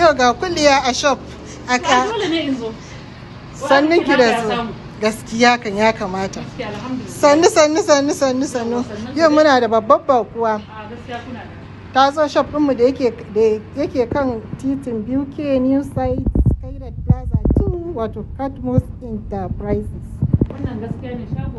yau ga kuliya a shop aka sannin ki da zo gaskiya kan ya kamata sannu sannu sannu sannu sannu yau muna da babbar bakuwa ta zo shop ɗinmu da yake kan titin buke new site kai da plaza 2 wato catmos enterprises wannan gaskiya ne shago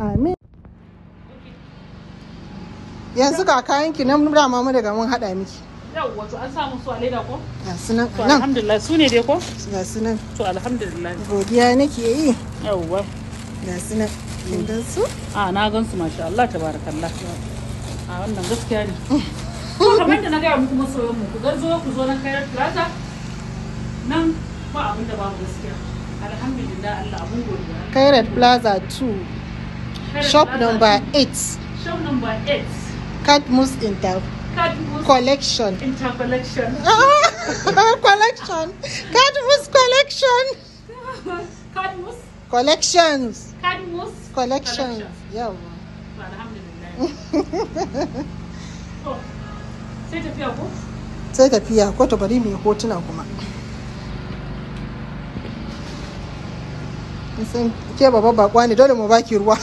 amin yanzu ga kayan ki nan dama mamu daga mun hada miki yawwa to an samu su a leda ko gasu nan to alhamdulillah su ne dai ko gasu nan to alhamdulillah godiya nake yi yawwa gasu nan kin su a na gan su masha Allah tabarakallah a wannan gaskiya ne ko mm. kamar da na gaya muku masoyan mu ku zo ku zo nan kairat plaza nan ba abin da babu gaskiya alhamdulillah Allah abun godiya kairat plaza 2 Shop number 8. Shop number 8. Cadmus Inter Cadmus Collection. Intercollection. Ah, oh, collection. Cadmus Collection. Cadmus. Collections. Cadmus. Collections. Collections. Yeah. Sai tafiya ko? Sai tafiya ko ta bari mu hotuna kuma. sun ke baba bakwa ne dole mu baki ruwa